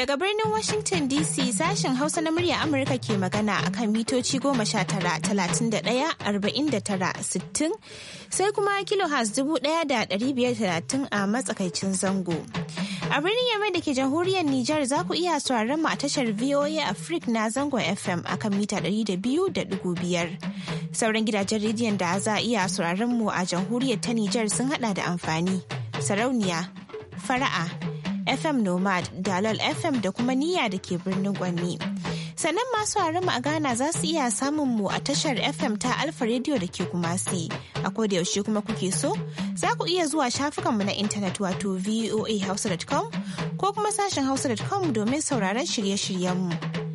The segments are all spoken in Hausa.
Daga birnin Washington DC sashen Hausa na murya Amurka ke magana a kan mitoci goma sha tara talatin sai kuma kilohas dubu ɗaya da a matsakaicin zango. A birnin Yamai da ke jamhuriyar Nijar za ku iya sauraron mu a tashar VOA Africa na zangon FM a kan mita 200.5. Sauran gidajen rediyon da za a iya sauraron mu a jamhuriyar ta Nijar sun hada da amfani, sarauniya, fara'a, FM Nomad, Dalol FM da kuma Niyya da ke birnin Gwanni. Sannan masu mu a Ghana za su iya samun mu a tashar FM ta Alfa Radio da ke Kumasi. A koda yaushe kuma kuke so, za ku iya zuwa shafukanmu na intanet wato voahausa.com ko kuma sashen hausa.com domin sauraron shirye-shiryenmu.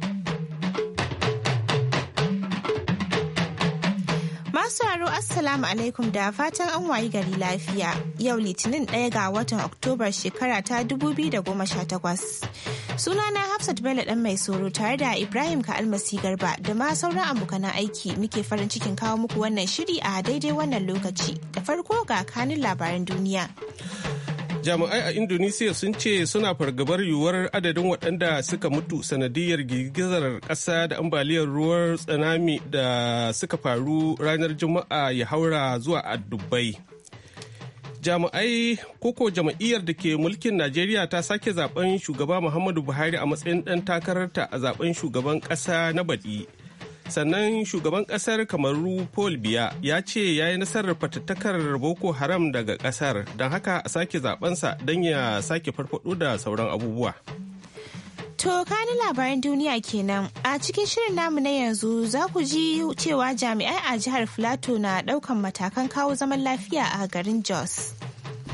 Masu aro Assalamu alaikum da fatan an wayi gari lafiya. Yau Litinin ɗaya ga watan Oktobar shekara ta 2018. na Hafsat Bello ɗan mai soro tare da Ibrahim ka almasi garba da ma sauran abokanan aiki muke farin cikin kawo muku wannan shiri a daidai wannan lokaci. Da farko ga kanin labaran duniya. jami'ai a indonesiya sun ce suna fargabar yiwuwar adadin waɗanda suka mutu sanadiyar girgizar ƙasa da ambaliyar ruwan tsunami da suka faru ranar juma'a ya haura zuwa a dubbai jami'ai koko jama'iyyar da ke mulkin najeriya ta sake zaben shugaba muhammadu buhari a matsayin ɗan takararta a zaben shugaban ƙasa na baɗi sannan shugaban kasar kamaru paul biya ya ce ya yi nasarar fatattakar boko haram daga kasar don haka a sake zabensa don ya sake farfado da sauran abubuwa To kani labaran duniya kenan a cikin shirin namu na yanzu za ku ji cewa jami'ai a jihar Filato na daukan matakan kawo zaman lafiya a garin Jos.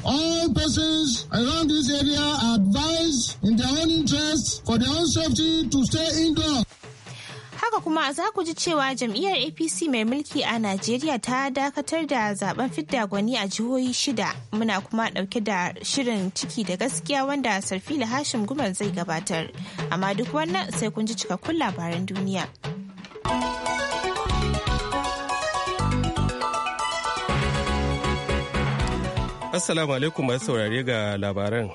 All persons around this area are advised in their own interest for their own safety to stay indoors. haka kuma za ku ji cewa jam'iyyar APC mai mulki a Najeriya ta dakatar da zaben fidda gwani a jihohi shida. Muna kuma dauke da shirin ciki da gaskiya wanda Sarfila Hashim Gumal zai gabatar. Amma duk wannan sai kun ji cikakkun labaran duniya. Assalamu alaikum masu saurare ga labaran.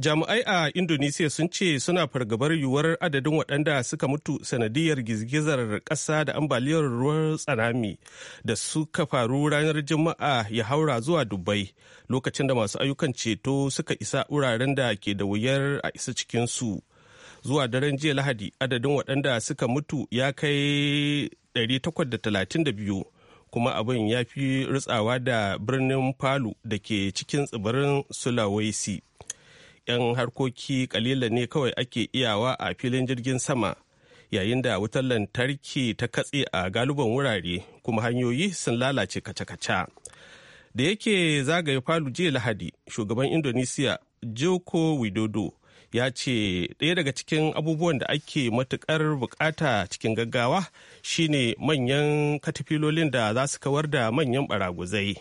jami'ai a indonesia sun ce suna fargabar yiwuwar adadin waɗanda suka mutu sanadiyar girgizar ƙasa da ambaliyar ruwan tsanami da suka faru ranar juma'a ya haura zuwa dubai lokacin da masu ayyukan ceto suka isa wuraren da ke da wuyar a isa cikinsu zuwa daren jiya lahadi adadin waɗanda suka mutu ya kai 832 kuma abin ya fi rutsawa da birnin palu da ke cikin tsibirin sulawesi yan harkoki kalila ne kawai ake iyawa a filin jirgin sama yayin da wutar lantarki ta katse a galiban wurare kuma hanyoyi sun lalace kaca-kaca da yake zagaye falu jiya lahadi shugaban indonesiya joko widodo ya ce ɗaya daga cikin abubuwan da ake matukar bukata cikin gaggawa shine manyan katafilolin da za su kawar da manyan baraguzai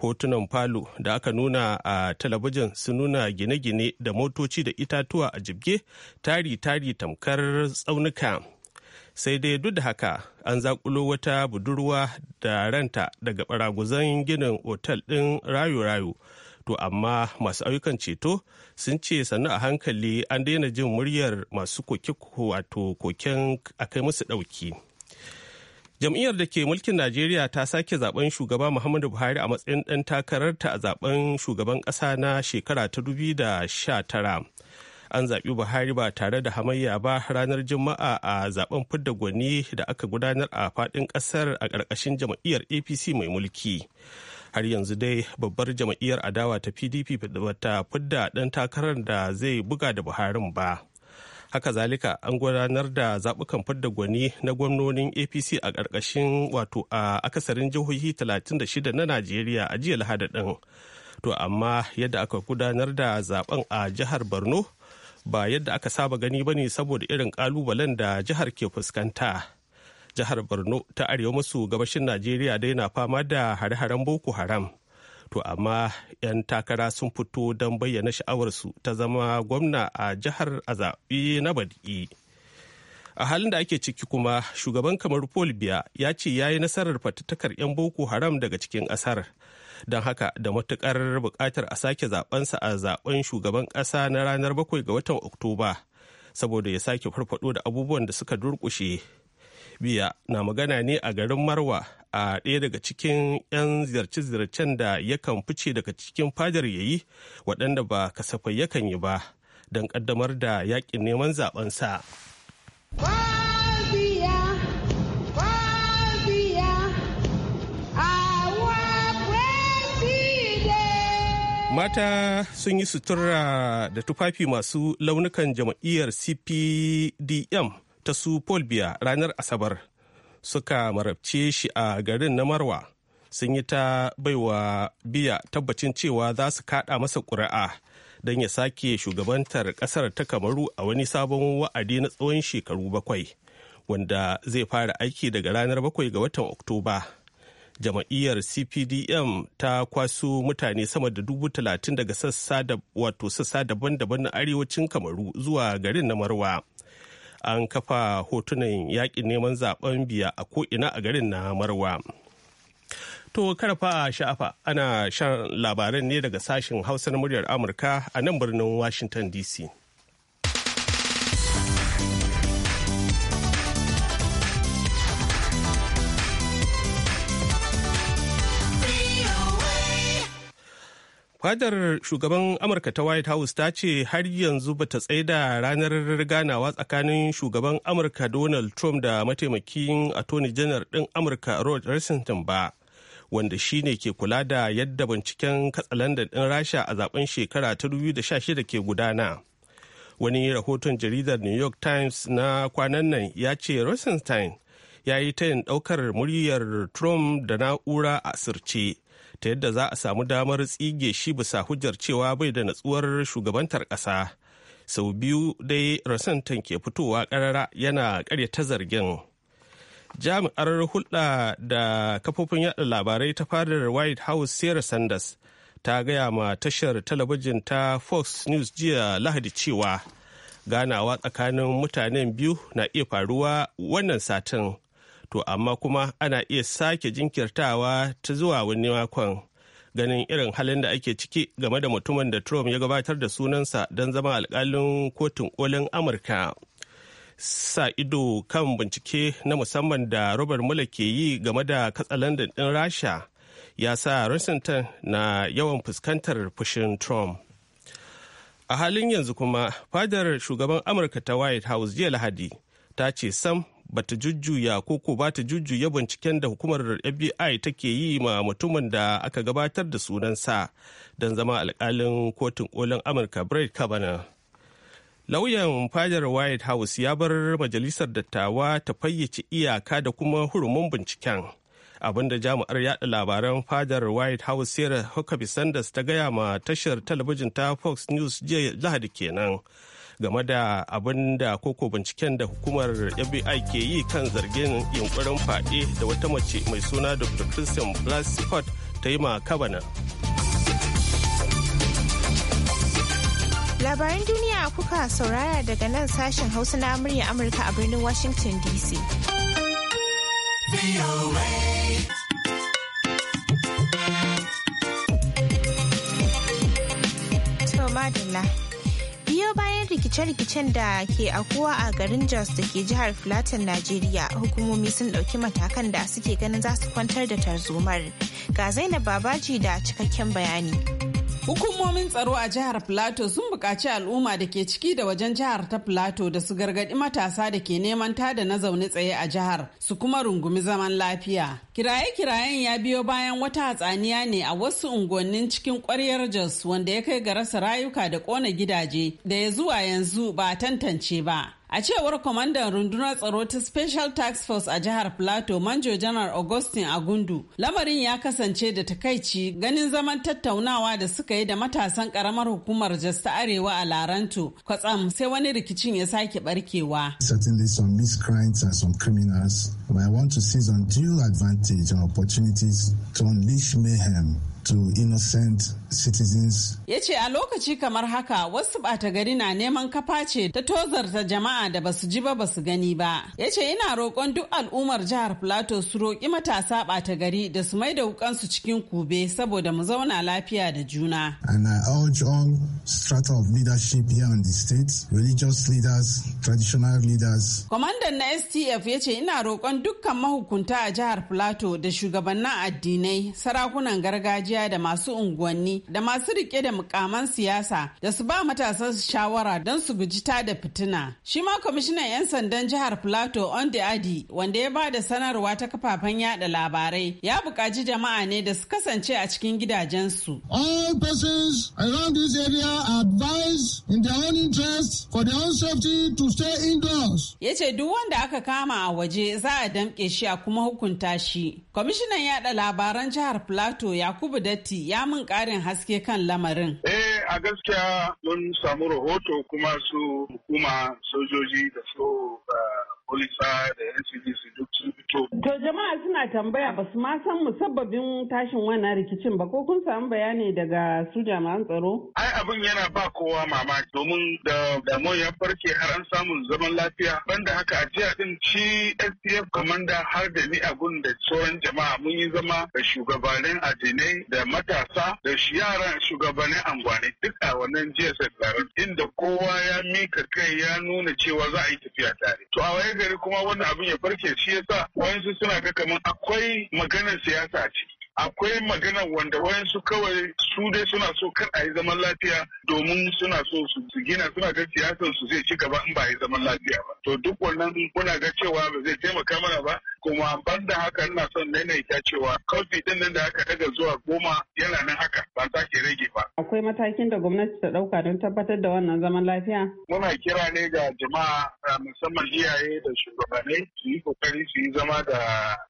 hotunan falo da aka nuna a talabijin sun nuna gine-gine da motoci da itatuwa a jibge tari-tari tamkar tsaunuka sai dai duk da haka an zakulo wata budurwa da ranta daga baraguzan ginin otal ɗin rayu-rayu to amma masu ayyukan ceto sun ce sannu a hankali an daina jin muryar masu koke wato koken kai musu ɗauki. jam'iyyar da ke mulkin najeriya ta sake zaben shugaba muhammadu buhari a matsayin ɗan takararta a zaben shugaban ƙasa na shekara ta dubi da sha tara. an zaɓi buhari ba tare da hamayya ba ranar juma'a a zaben fidda gwani da aka gudanar a faɗin ƙasar a ƙarƙashin jam'iyyar apc mai mulki har yanzu dai babbar jam'iyyar adawa ta pdp ba ta fidda ɗan takarar da zai buga da buharin ba haka zalika an gudanar da zaɓukan fadda gwani na gwamnonin apc a ƙarƙashin wato a akasarin jihohi 36 na najeriya a jiya lahada ɗin to amma yadda aka gudanar da zaben a jihar borno ba yadda aka saba gani ba ne saboda irin ƙalubalen da jihar ke fuskanta jihar borno ta arewa maso gabashin najeriya dai na fama da hare-haren boko haram to amma 'yan takara sun fito don bayyana sha'awarsu ta zama gwamna a jihar a zaɓe na badi a halin da ake ciki kuma shugaban kamar paul biya ya ce ya yi nasarar fatattakar 'yan boko haram daga cikin ƙasar don haka da matuƙar buƙatar a sake zaɓensa a zaɓen shugaban ƙasa na ranar bakwai ga watan oktoba saboda ya sake farfado da abubuwan da suka durƙushe biya na magana ne a garin marwa a ɗaya daga cikin 'yan ziyarce-ziyarcen da yakan fice daga cikin fadar yayi waɗanda ba kasafai yakan yi ba don ƙaddamar da yaƙin neman zaɓen sa mata sun yi sutura da tufafi masu launukan jama'iyyar cpdm ta su Polbia ranar Asabar suka marabce shi a garin na Marwa sun yi ta baiwa biya tabbacin cewa za su kada masa ƙuri'a don ya sake shugabantar ƙasar ta Kamaru a wani sabon wa'adi na tsawon shekaru bakwai wanda zai fara aiki daga ranar bakwai ga watan Oktoba. jama'iyyar cpdm ta kwaso mutane sama da dubu talatin daga sassa wato sassa daban-daban na arewacin kamaru zuwa garin na marwa an kafa hotunan yakin neman zaben biya a ko'ina a garin na marwa to karfa sha'afa ana shan labaran ne daga sashen hausa na muryar amurka a nan birnin washington dc fadar shugaban amurka ta white house ta ce har yanzu bata tsaida ranar ganawa tsakanin shugaban amurka donald trump da mataimakin attorney general din amurka rod rosenstein ba wanda shine ke kula da yadda binciken katsalandan din rasha a zaben shekara ta 2016 ke gudana wani rahoton jaridar new york times na kwanan nan ya ce rosenstein ya yi tayin daukar muryar trump da na'ura a asirce ta yadda za a samu damar tsige shi bisa hujjar cewa bai da natsuwar shugabantar ƙasa sau biyu dai rasantan ke fitowa ƙarara yana ta zargin jami'ar hulɗa da kafofin yada labarai ta fadar white house sarah sanders ta gaya ma tashar talabijin ta fox news jiya lahadi cewa ganawa tsakanin mutanen biyu na iya faruwa wannan satin to amma kuma ana iya sake jinkirtawa ta zuwa wani makon ganin irin halin da ake ciki game da mutumin da trump ya gabatar da sunansa don zama alkalin kotun kolin amurka sa ido kan bincike na musamman da robert mueller ke yi game da katsalandan din rasha ya sa rosenthal na yawan fuskantar fushin trump a halin yanzu kuma fadar shugaban amurka ta white house jiya lahadi ta ce sam ba ta jujjuya ko ko ba ta jujjuya binciken da hukumar fbi take yi ma mutumin da aka gabatar da sunansa don zama alkalin kotun kolin amurka brett kavanaugh lauyan fadar white house ya bar majalisar dattawa ta fayyace iyaka da kuma hurumin binciken abinda jami'ar yaɗa labaran fadar white house sarah huckabee sanders ta gaya ma tashar talabijin ta fox news jiya lahadi kenan game da abin da koko binciken da hukumar fbi ke yi kan zargin yunkurin fade da wata mace mai suna dr christian blasey ta yi ma kabana labaran duniya kuka saurara daga nan sashen hausa na murya amurka a birnin washington dc madalla rikice-rikicen da ke akuwa a garin Jos da ke jihar Filatin Najeriya hukumomi sun ɗauki matakan da suke ganin za su kwantar da tarzomar. Ga Zainab Babaji da cikakken bayani. Hukumomin tsaro a jihar Plateau sun buƙaci al'umma da ke ciki da wajen jihar ta Plateau da su gargaɗi matasa da ke neman tada na zaune tsaye a jihar su kuma rungumi zaman lafiya. Kiraye-kirayen ya biyo bayan wata hatsaniya ne a wasu unguwannin cikin ƙwaryar Jos wanda ya kai ga rasa rayuka da ƙona gidaje da ya zuwa yanzu ba tantance ba. A cewar kwamandan rundunar tsaro ta Special Task Force a jihar Plateau, Manjo Janar Augustin Agundu, lamarin ya kasance da takaici ganin zaman tattaunawa da suka yi da matasan karamar hukumar jasta Arewa a Laranto, kwatsam sai wani rikicin ya sake barkewa. Certainly some miscreants and some criminals, but I want to seize on advantage and opportunities to unleash mayhem to innocent citizens. Ya ce a lokaci kamar haka wasu ɓata gari na neman kafa ce ta tozarta jama'a da basu ji ba basu gani ba. Ya ce ina roƙon duk al'ummar jihar Plateau su roƙi matasa ɓata gari da su mai da wukansu cikin kube saboda mu zauna lafiya da juna. And I urge all strata of leadership here in the state, religious leaders, traditional leaders. Kwamandan na STF ya ce ina roƙon dukkan mahukunta a jihar Plateau da shugabannin addinai, sarakunan gargajiya kungiya da masu unguwanni da masu rike da mukaman siyasa da su ba matasan shawara don su guji ta da fitina. Shi ma kwamishinan 'yan sandan jihar Plateau on the Adi wanda ya ba da sanarwa ta kafafen yada labarai ya buƙaci jama'a ne da su kasance a cikin gidajensu. All persons around this area are advised in their own interest for their own safety to stay indoors. Ya ce duk wanda aka kama a waje za a damƙe shi a kuma hukunta shi. Kwamishinan yaɗa labaran jihar Plateau Yakubu Datti ya mun ƙarin haske kan lamarin. Eh a gaskiya mun samu rahoto kuma su hukuma sojoji da su ah, polisa uh, da ncdc duk sun fito. to jama'a suna tambaya ba su ma san musabbabin tashin wannan rikicin ba ko kun samu bayani daga su jami'an tsaro. ai abin yana ba kowa mamaki domin da damuwa ya farke har an samu zaman lafiya banda haka a jiya din shi stf kamanda har da ni a gun da sauran jama'a mun yi zama da shugabannin addinai da matasa da yaran shugabannin angwane duk a wannan jiya inda kowa ya mika kai ya nuna cewa za a yi tafiya tare. To a waye gari kuma wannan abin ya farke shi yasa wayansu suna ga kamar akwai maganar siyasa ce akwai magana wanda wayansu kawai su dai suna so kar a yi zaman lafiya domin suna so su gina suna ga siyasar su zai ci gaba in ba a yi zaman lafiya ba to duk wannan muna ga cewa ba zai taimaka mana ba kuma ban da haka ina son ta cewa kofi din nan da aka daga zuwa goma yana nan haka ba ke rage ba. Akwai matakin da gwamnati ta ɗauka don tabbatar da wannan zaman lafiya? Muna kira ne ga jama'a musamman iyaye da shugabanni su yi kokari su yi zama da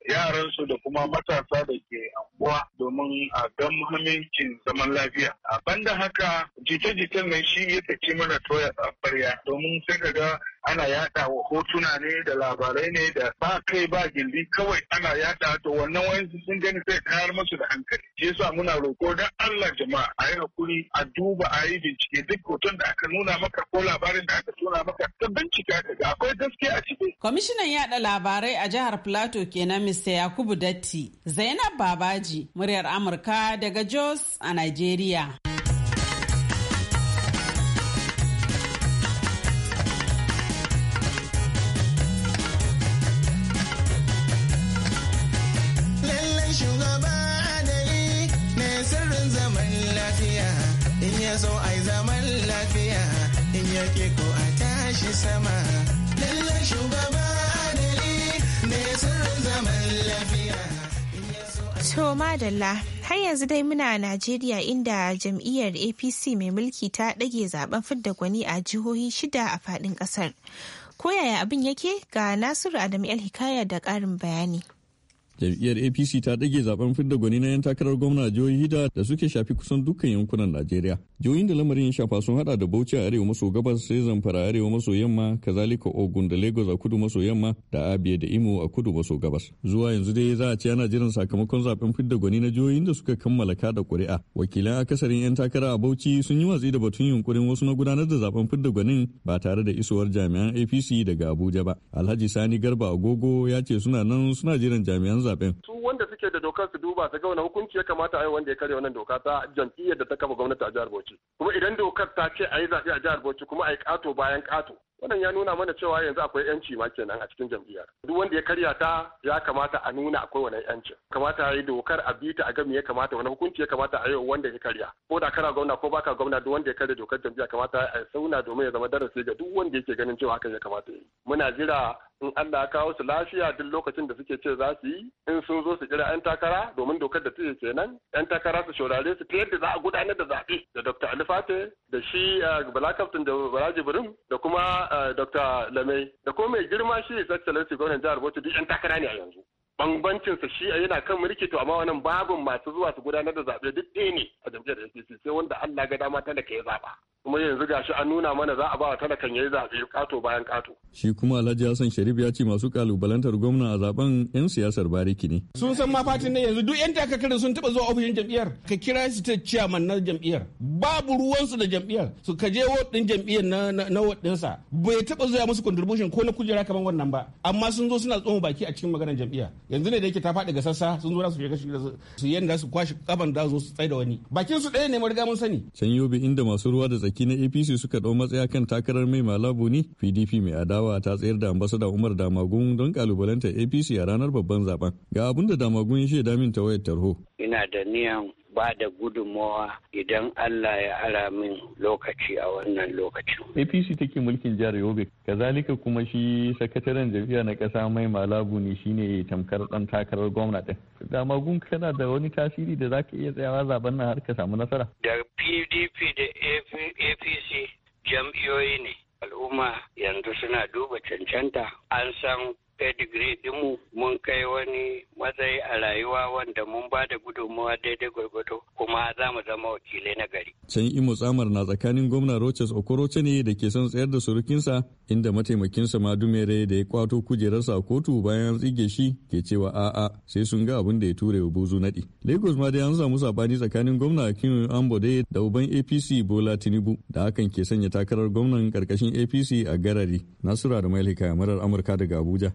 yaransu da kuma matasa da ke anguwa domin a gan muhimmancin zaman lafiya. A banda haka jita-jitan nan shi ya saki mana toya tsafariya domin sai ka ga ana yada wa hotuna ne da labarai ne da ba kai ba gindi kawai ana yada to wannan wayansu sun gani sai kayar musu da hankali shi yasa muna roko dan Allah jama'a a yi hakuri a duba a yi bincike duk hoton da aka nuna maka ko labarin da aka tona maka ka bincika ka ga akwai gaskiya a ciki kwamishinan yada labarai a jihar Plateau kenan Mr. Yakubu Datti Zainab Babaji muryar Amurka daga Jos a Nigeria so ai zaman sama shugaba lafiya To har yanzu dai muna Najeriya inda jam'iyyar APC mai mulki ta ɗage zaben fidda gwani a jihohi shida a faɗin ƙasar. Koyaya abin yake ga Nasiru Adamu El Hikaya da ƙarin bayani. jam'iyyar apc ta dage zaben fidda gwani na 'yan takarar gwamna jihohi hida da suke shafi kusan dukkan yankunan najeriya jihohin da lamarin ya shafa sun hada da bauchi a arewa maso gabas sai zamfara arewa maso yamma kazalika ogun da lagos a kudu maso yamma da abia da imo a kudu maso gabas zuwa yanzu dai za a ce ana jiran sakamakon zaben fidda gwani na jihohin da suka kammala kada kuri'a wakilan akasarin 'yan takara a bauchi sun yi watsi da batun yunkurin wasu na gudanar da zaben fidda gwanin ba tare da isowar jami'an apc daga abuja ba alhaji sani garba agogo ya ce suna nan suna jiran jami'an zaben. Su wanda suke da dokar su duba su ga wani hukunci ya kamata a yi wanda ya karya wannan doka ta jam'iyyar da ta kafa gwamnati a jihar Bauchi. Kuma idan dokar ta ce a yi zaɓe a jihar Bauchi kuma a yi ƙato bayan ƙato. Wannan ya nuna mana cewa yanzu akwai yanci ma kenan a cikin jam'iyyar. Duk wanda ya karya ta ya kamata a nuna akwai wani yanci. Kamata a yi dokar a bita a gami ya kamata wani hukunci ya kamata a yi wanda ya karya. Ko da kana gwamna ko baka gwamna duk wanda ya karya dokar jam'iyya kamata a sauna domin ya zama darasi ga duk wanda yake ganin cewa hakan ya kamata ya yi. Muna jira in Allah ya kawo su lafiya duk lokacin da suke ce za su yi in sun zo su kira 'yan takara domin dokar da take kenan 'yan takara su shaurare su ta yadda za a gudanar da zaɓe da Dr. Ali Fate da shi eh, Bala Captain da Balaji Birim da kuma eh, Dr. Lamai da kuma mai girma shi His Excellency Gwamnan Jihar Bauchi duk 'yan takara ne a yanzu. sa shi yana kan mulki to amma wannan babin masu zuwa su gudanar da zaɓe duk ɗaya ne a jam'iyyar APC sai wanda Allah ga dama talaka ya zaɓa. kuma yanzu gashi an nuna mana za a ba wa talakan yayi zaɓe kato bayan kato. Shi kuma Alhaji Hassan Sharif ya ce masu kalubalantar gwamna a zaben 'yan siyasar bariki ne. Sun san ma fatin ne yanzu duk 'yan takakarin sun taɓa zuwa ofishin jam'iyyar ka kira su ta ciyaman na jam'iyyar babu ruwansu da jam'iyyar su ka je waɗin jam'iyyar na na waɗinsa bai taɓa zuwa musu contribution ko na kujera kamar wannan ba amma sun zo suna tsoma baki a cikin maganar jam'iyyar yanzu ne da yake ta faɗi ga sassa sun zo su shiga su yanda su kwashi kaban da zo su tsaye da wani bakin su ɗaya ne mu riga mun sani. Can yobe inda masu ruwa da tsaki na apc suka ɗau matsaya kan takarar mai malabu ne pdp mai adawa ta tsayar da ambasada umar damagun don kalubalantar apc a ranar babban zaben ga abin da damagun ya shaida min ta wayar tarho ina da niyan ba da gudunmawa idan Allah ya ara min lokaci a wannan lokacin. APC take mulkin jihar Yobe, kazalika kuma shi sakataren jam'iyya na ƙasa mai malabu ne shine tamkar ɗan takarar gwamna ɗin. Da magun kana da wani tasiri da za ka iya tsayawa zaben nan har ka samu nasara. Da PDP da APC jam'iyoyi ne. Al'umma yanzu suna duba cancanta an san pedigree dinmu mun kai wani matsayi a rayuwa wanda mun ba da gudunmawa daidai gwargwado kuma za mu zama wakilai na gari. Can Imo Tsamar na tsakanin gwamna roches Okoroche ne da ke son tsayar da surukinsa inda mataimakinsa Madumere da ya kwato kujerarsa a kotu bayan tsige shi ke cewa a'a sai sun ga abin da ya ture wa buzu naɗi. Lagos ma dai an samu sabani tsakanin gwamna Akinwun Ambode da uban APC Bola Tinubu da hakan ke sanya takarar gwamnan karkashin APC a garari. Nasura da Mailika marar Amurka daga Abuja.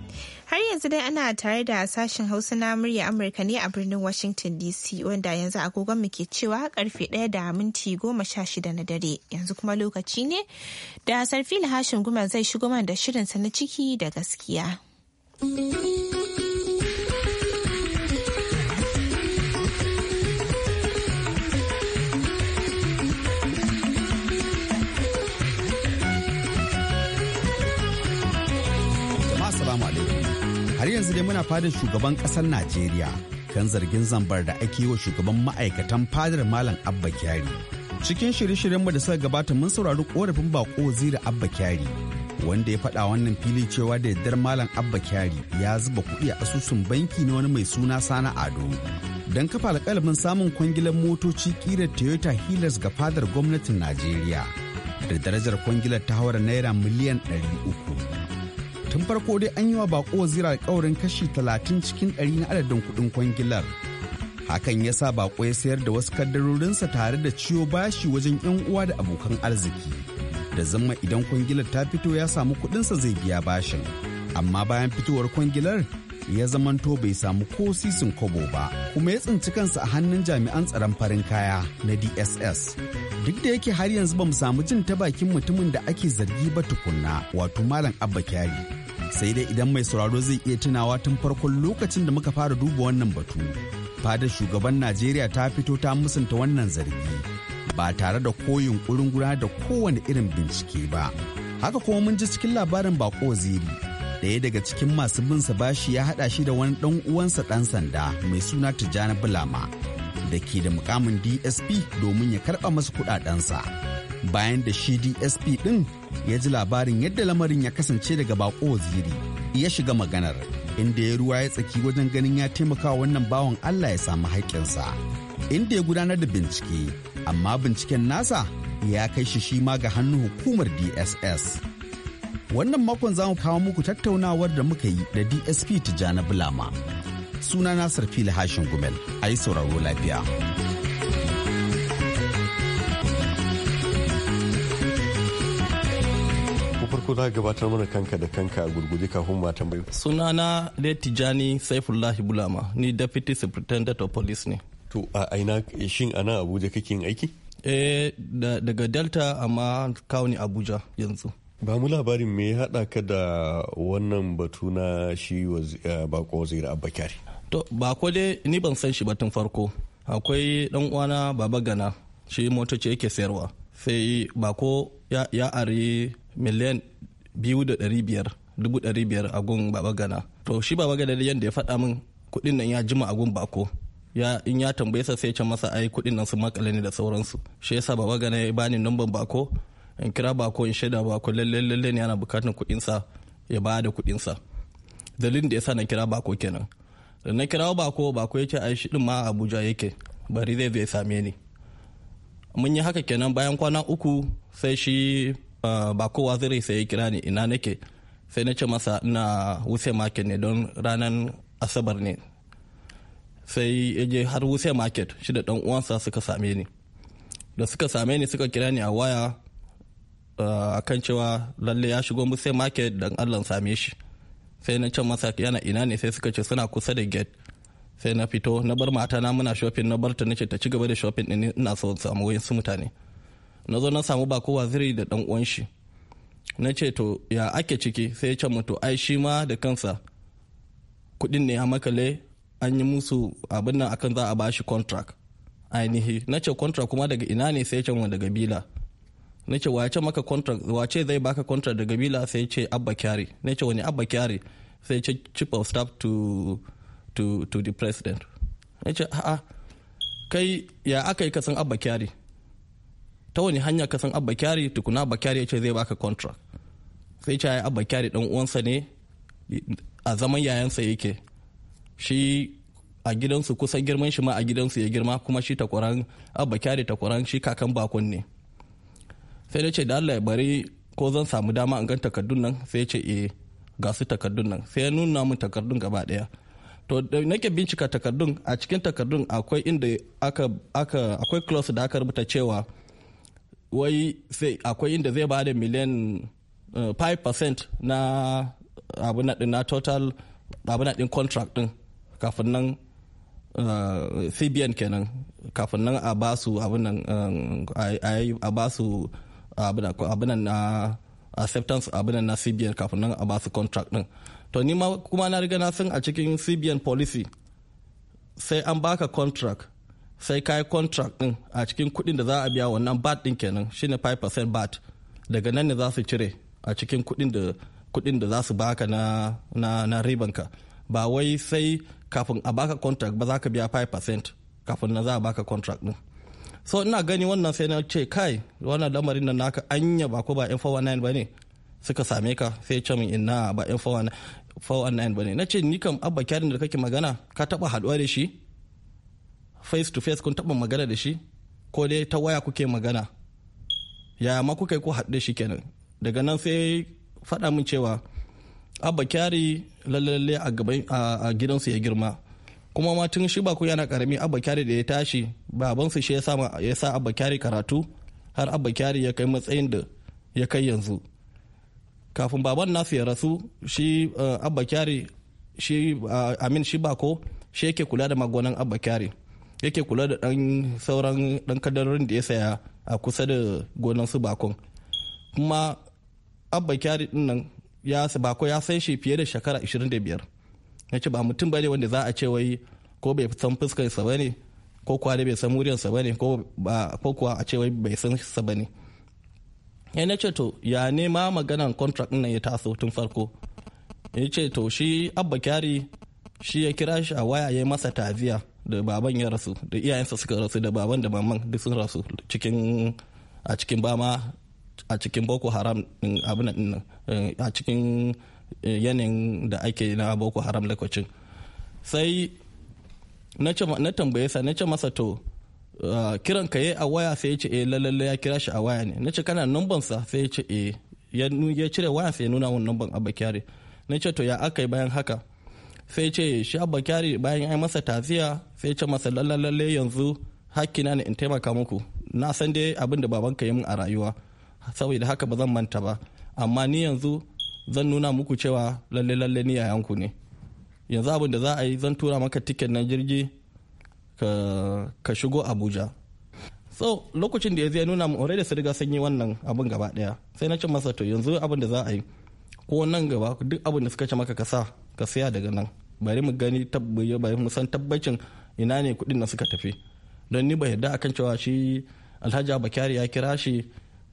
Har yanzu dai ana tare da sashen Hausa na murya Amurka ne a birnin Washington DC wanda yanzu agogon mu ke cewa karfe ɗaya da minti goma sha shida na dare. Yanzu kuma lokaci ne da sarfi hashin guma zai shigo man da shirin sa na ciki da gaskiya. har yanzu dai muna fadin shugaban kasar najeriya kan zargin zambar da ake yi wa shugaban ma'aikatan fadar malam abba kyari cikin shirye-shiryenmu da suka gabata mun saurari korafin bako wazir abba kyari wanda ya faɗa wannan fili cewa da yardar malam abba kyari ya zuba kuɗi a asusun banki na wani mai suna sana ado don kafa alƙalamin samun kwangilan motoci ƙirar toyota hilux ga fadar gwamnatin najeriya da darajar kwangilar ta haura naira miliyan 300 tun farko dai an yi wa bako wazira alkawarin kashi talatin cikin ɗari na adadin kuɗin kwangilar hakan ya sa bako ya sayar da wasu kaddarorinsa tare da ciwo bashi wajen yan uwa da abokan arziki da zama idan kwangilar ta fito ya samu kudinsa zai biya bashin amma bayan fitowar kwangilar ya zamanto bai samu ko sisin kobo ba kuma ya tsinci kansa a hannun jami'an tsaron farin kaya na dss duk da yake har yanzu ba mu samu jin ta bakin mutumin da ake zargi ba tukunna wato malam abba kyari sai dai idan mai sauraro zai iya tunawa tun farkon lokacin da muka fara duba wannan batu Fada shugaban najeriya ta fito ta musanta wannan zargi ba tare da ko yunkurin da kowane irin bincike ba haka kuma mun ji cikin labarin bako ziri ɗaya daga cikin masu bin sa bashi ya haɗa shi da wani ɗan uwansa ɗan sanda mai suna tijjani bulama da ke da mukamin dsp domin ya karɓa masu kuɗaɗensa bayan da shi dsp ɗin ya ji labarin yadda lamarin ya kasance daga bako waziri ya shiga maganar inda ya ruwa ya tsaki wajen ganin ya taimaka wannan bawan allah ya samu haƙƙinsa inda ya gudanar da bincike amma binciken nasa ya kai shi shi ma ga hannun hukumar dss Wannan makon za mu kawo muku tattaunawar da muka yi da DSP Tijjani Bulama. Suna na Sarfila Hashin Gumel, a yi sauraro lafiya. farko za gabatar mana kanka da kanka a gurguje kafin ma tambayi. Sunana ne tijjani Saifullahi Bulama, ni Deputy Superintendent of Police ne. To a aina shin ana Abuja kake yin aiki? Eh daga Delta amma kawo ni Abuja yanzu. ba mu labarin me ya haɗa ka da wannan batu na shi eh, bako wazir abba kyari to bako dai ni ban san shi ba tun farko akwai dan uwana baba gana shi motoci yake sayarwa sai bako ya, ari miliyan biyu da dari biyar dubu dari biyar a gun baba gana to shi baba gana da yadda ya faɗa min kuɗin nan ya jima a gun bako ya in ya tambaye sa sai ya masa ai kuɗin nan su makale ne da sauransu shi yasa baba gana ya bani numban bako in kira bako in shaida bako lalle lalle ne ana bukatar kuɗinsa ya ba da kuɗinsa dalilin da yasa na kira bako kenan da na kira bako bako yake a shi ma abuja yake bari zai zai same ni mun yi haka kenan bayan kwana uku sai shi ah, bako waziri sai ya kira ni ina nake sai na ce masa ina wuse market ne don ranar asabar ne sai ya je har wuse market shi da uwansa suka same ni da suka same ni suka kira ni a waya Eh, a kan cewa lalle ya shigo mu sai market dan allah same shi sai na can masa yana ina ne sai suka ce suna kusa da gate sai na fito na bar mata na muna shopping na bar ta nace ta ci gaba da shopping din ina so samu wayan su mutane na zo na samu kowa waziri da dan uwan shi na ce to ya ake ciki sai ya ce mutu ai shi ma da kansa kudin ne a makale an yi musu abin nan akan za a bashi contract ainihi na ce contract kuma daga ina ne sai ya ce daga bila nace wace maka contract wace zai baka contract daga bila sai ce abba kyari nace wani abba kyari sai ce chief of staff to to to the president nace a'a kai ya aka yi kasan abba kyari ta wani hanya kasan abba kyari tukuna abba kyari ya ce zai baka contract sai ce ya abba kyari dan uwansa ne a zaman yayansa yake shi a gidansu kusan girman shi ma a gidansu ya girma kuma shi takwaran abba kyari takwaran shi kakan bakon ne sai dai ce da Allah ya bari ko zan samu dama in gan takardun nan sai ce eh ga su takardun nan sai ya nuna mun takardun gaba daya to da nake bincika takardun a cikin takardun akwai inda aka aka akwai clause da aka rubuta cewa wai sai akwai inda zai bada miliyan 5% eh, na abu na na total abu na din contract din kafin nan eh, cbn kenan kafin nan a basu abin nan eh, a basu abinan na acceptance abinan na cbn kafin nan a basu contract din to ni ma kuma na riga na san a cikin cbn policy sai an baka contract sai kai contract din a cikin kuɗin da za a biya wannan bat din kenan shine 5% bat daga nan ne za su cire a cikin kuɗin da kudin da za su baka na na, na ribanka ba wai sai kafin a baka contract ba za ka biya 5% kafin na za a baka contract din so ina gani wannan sai na ce kai wannan lamarin nan naka anya ba ko ba yan 419 ba ne suka same ka sai ce min ina ba yan 419 ba ne na ce ni kam abba kyarin da kake magana ka taba haduwa da shi face to face kun taba magana da shi ko dai ta waya kuke magana yaya ma kuka ku ko haɗu da shi kenan daga nan sai faɗa min cewa abba kyari lalle a gidansu ya girma kuma ma tun shi ba ku yana karami abba kyari da ya tashi su shi ya sa abba kyari karatu har abba kyari ya kai matsayin da ya kai yanzu kafin baban nasu ya rasu shi eh, abba kyari shi eh, amin shi bako shi yake kula da magonan abba kyari yake kula da dan sauran dan kadarorin da ya saya a kusa da gonan su bakon kuma abba kyari din nan ya bako ya sai shi fiye da shekara 25 ya ce ba mutum bane wanda za a ce wai ko bai san sa ba ne ko kuwa bai san sa ba ne ko kuwa a ce wai bai san sa ba ne ya eh, ne ce to ya nema maganan contract nan ya taso tun farko ya ce to shi abba kyari shi ya kira shi a waya ya masa taziya da baban ya rasu da iyayensa suka rasu da baban da maman duk sun rasu a cikin bama a cikin boko haram abin eh, a cikin yanayin da ake na boko haram lokacin sai na tambaye sa na ce masa to ah, kiran ka a waya sai ya ce eh lalle ya kira shi a waya ne na ce kana numban sa sai ya ce eh ya cire waya sai ya nuna wani numban a kyare na ce to ya aka yi bayan haka sai ce shi a kyare bayan ya yi masa taziya sai ce masa lalle yanzu yanzu hakkina ne in taimaka muku na san dai abin da babanka ya min a rayuwa saboda haka ba zan manta ba amma ni yanzu zan nuna muku cewa lalle lalle ni yayanku ne yanzu abin da za a yi zan tura maka tiket na jirgi ka shigo abuja so lokacin da ya zai nuna mu da su riga sun yi wannan abin gaba daya sai na cin masa to yanzu abin da za a yi ko nan gaba duk abin da suka ce maka kasa ka siya daga nan bari mu gani tabbaye bari mu san tabbacin ina ne kudin na suka tafi don ni ba yarda akan cewa shi alhaji abakari ya kira shi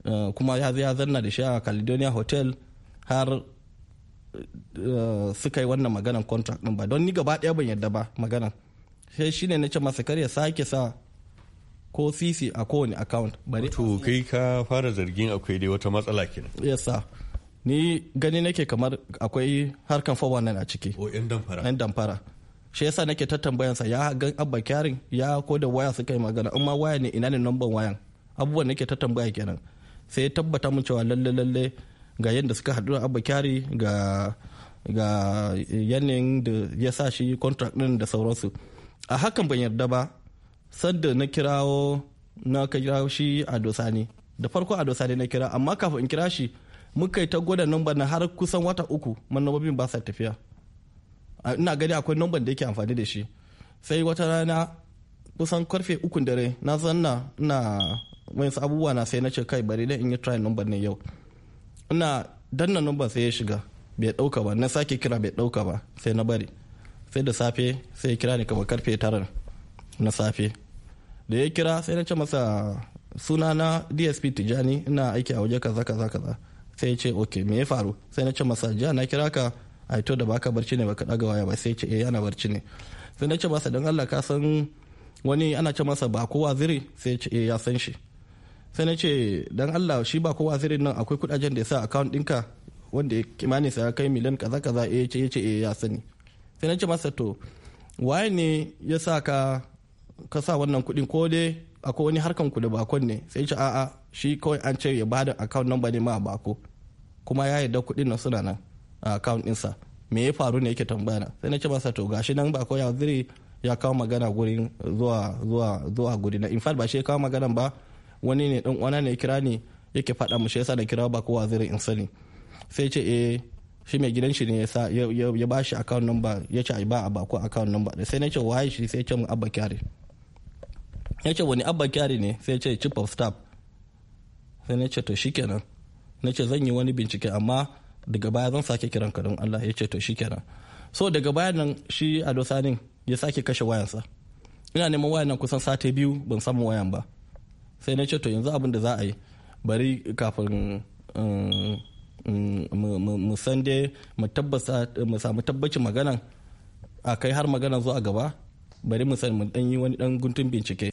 eh, kuma ya ya zanna da shi a caledonia hotel har eh, suka yi wannan maganan contract ɗin ba don ni gaba ɗaya ban yadda ba maganan sai shine na ce masa ya sake sa ko cc a kowane account bari to kai ka fara zargin akwai dai wata matsala kenan yes sir ni gani nake kamar akwai harkan fawa nan a ciki o oh, yan damfara yan damfara shi yasa nake tattambayan sa ya ga abba kyarin ya ko da waya suka yi magana in ma waya ne ina ne number wayan abubuwan nake tattambaya kenan sai ya tabbata mun cewa lalle lalle ga yadda suka haɗu da abba kyari ga ga yanayin da ya sa shi contract ɗin da sauransu a hakan ban yarda ba sadda na kirawo na kira shi a dosani da farko a dosani na kira amma kafin in kira shi muka yi ta gwada number na har kusan wata uku manobobin ba sa tafiya ina gani akwai number da yake amfani da shi sai wata rana kusan karfe ukun dare na zanna ina wani abubuwa na sai na ce kai bari dai in yi try number ne yau ina danna numba sai ya shiga bai dauka ba na sake kira bai dauka ba sai na bari sai da safe sai ya kira ni kamar karfe tara na safe da ya kira sai na ce masa suna na dsp tijani ina aiki a waje kaza kaza kaza sai ya ce ok me ya faru sai na ce masa jiya na kira ka a to da baka barci ne baka daga waya ba sai ce eh yana barci ne sai na ce masa don allah ka san wani ana ce masa ba kowa ziri sai ce eh ya san shi sai na ce don Allah shi ba kowa sirrin nan akwai kudajen da ya sa account ɗinka wanda ya kimanin sa kai miliyan kaza kaza eh ce ya ce eh, ya sani sai na ce masa to waye ne ya sa ka ka wannan kuɗin ko dai akwai wani harkan ku da bakon ne sai ce a'a shi kawai an ce ya ba bada account number ne ma bako kuma ya yarda kuɗin na suna nan a account ɗinsa me ya faru ne yake tambaya na sai na ce masa to gashi nan bako ya ziri ya kawo magana gurin zuwa zuwa zuwa guri na in fact ba shi ya kawo magana ba wani ne dan uwana ne ya kira ni yake faɗa mu shi yasa da kira ba kowa zai in sani sai ce eh shi mai gidan shi ne ya ya ba shi account number ya ce ba a bako account number sai na ce waye shi sai ce mu abba kyari ya ce wani abba kyari ne sai ce chief of staff sai na ce to shikenan na ce zan yi wani bincike amma daga baya zan sake kiran ka don Allah ya ce to shikenan so daga baya nan shi Ado Sanin ya sake kashe wayansa ina neman wayan nan kusan sati biyu ban samu wayan ba sai na ce to yanzu abin da za a yi bari kafin um, um, mu san dai mu samu tabbacin magana a kai har magana zuwa gaba bari mu san mu dan yi wani dan guntun bincike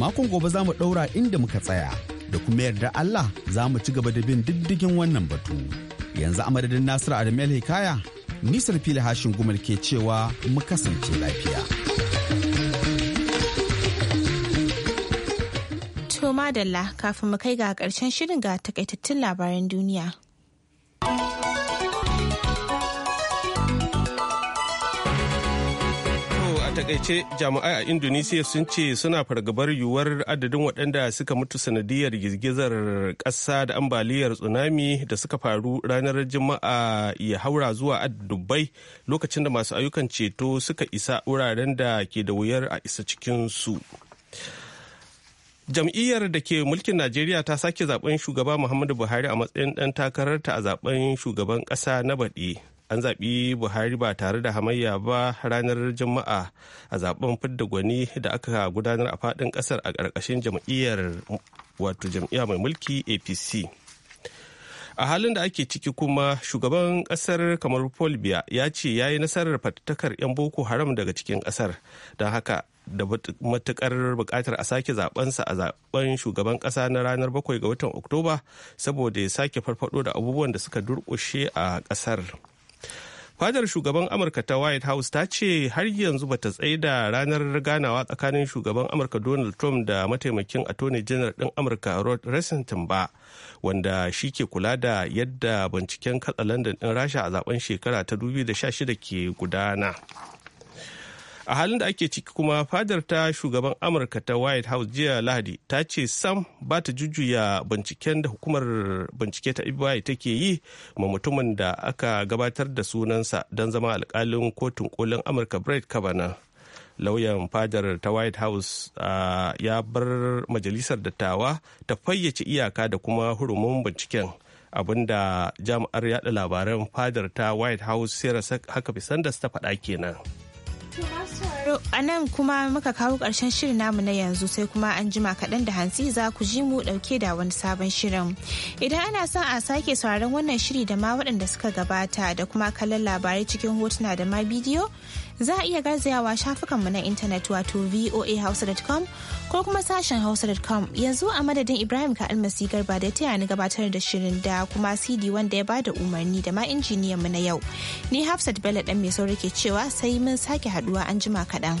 makon gobe za mu daura inda muka tsaya da kuma yarda Allah za mu ci gaba da bin diddigin wannan batu yanzu a madadin Nasiru Adamu Hikaya nisar fili hashin gumal ke cewa mu kasance lafiya. madalla kafin mu kai ga karshen shirin ga takaitattun labaran duniya. takaice jami'ai a indonesia sun ce suna fargabar yiwuwar adadin waɗanda suka mutu sanadiyar girgizar ƙasa da ambaliyar tsunami da suka faru ranar juma'a ya haura zuwa dubbai lokacin da masu ayyukan ceto suka isa wuraren da ke da wuyar a isa cikinsu. su jam'iyyar da ke mulkin najeriya ta sake zaben shugaba muhammadu buhari a matsayin ɗan takararta a zaben shugaban kasa na baɗi an zaɓi buhari ba tare da hamayya ba ranar juma'a a zaben fidda gwani da aka gudanar a faɗin ƙasar a ƙarƙashin jam'iyyar wato jam'iyya mai mulki apc a halin da ake ciki kuma shugaban kasar kamar paul ya ce ya yi nasarar fatattakar 'yan boko haram daga cikin kasar don haka da matukar bukatar a sake zabensa a zaben shugaban kasa na ranar 7 ga watan oktoba saboda ya sake farfado da abubuwan da suka durkushe a kasar fadar shugaban amurka ta white house ta ce har yanzu bata da ranar ganawa tsakanin shugaban amurka donald trump da mataimakin attorney general din amurka rod rosenstein ba wanda shi ke kula da yadda binciken katsa london din rasha a zaben shekara ta 2016 ke gudana a halin da ake ciki kuma fadar ta shugaban amurka ta white house jiya lahadi ta ce sam ba ta jujjuya binciken da hukumar bincike ta fbi take yi ma mutumin da aka gabatar da sunansa don zama alkalin kotun kolin amurka brett kavanaugh lauyan fadar ta white house uh, ya bar majalisar dattawa ta fayyace iyaka da kuma hurumin binciken abinda jami'ar yada labaran fadar ta white house haka sarah huckabee su ta faɗa kenan. sauraro a nan kuma muka kawo ƙarshen shirin namu na yanzu sai kuma an jima kaɗan da hantsi za ku ji mu ɗauke da wani sabon shirin. Idan ana son a sake sauraron wannan shiri da ma waɗanda suka gabata da kuma kallon labarai cikin hotuna da ma bidiyo za a iya garzayawa shafukanmu na intanet wato voahausa.com ko kuma sashen hausa.com yanzu a madadin ibrahim ka almasi garba da ta ni gabatar da shirin da kuma cd wanda ya bada umarni da ma injiniyanmu na yau ni hafsat bello dan mai saurake ke cewa sai mun sake haduwa an jima kaɗan.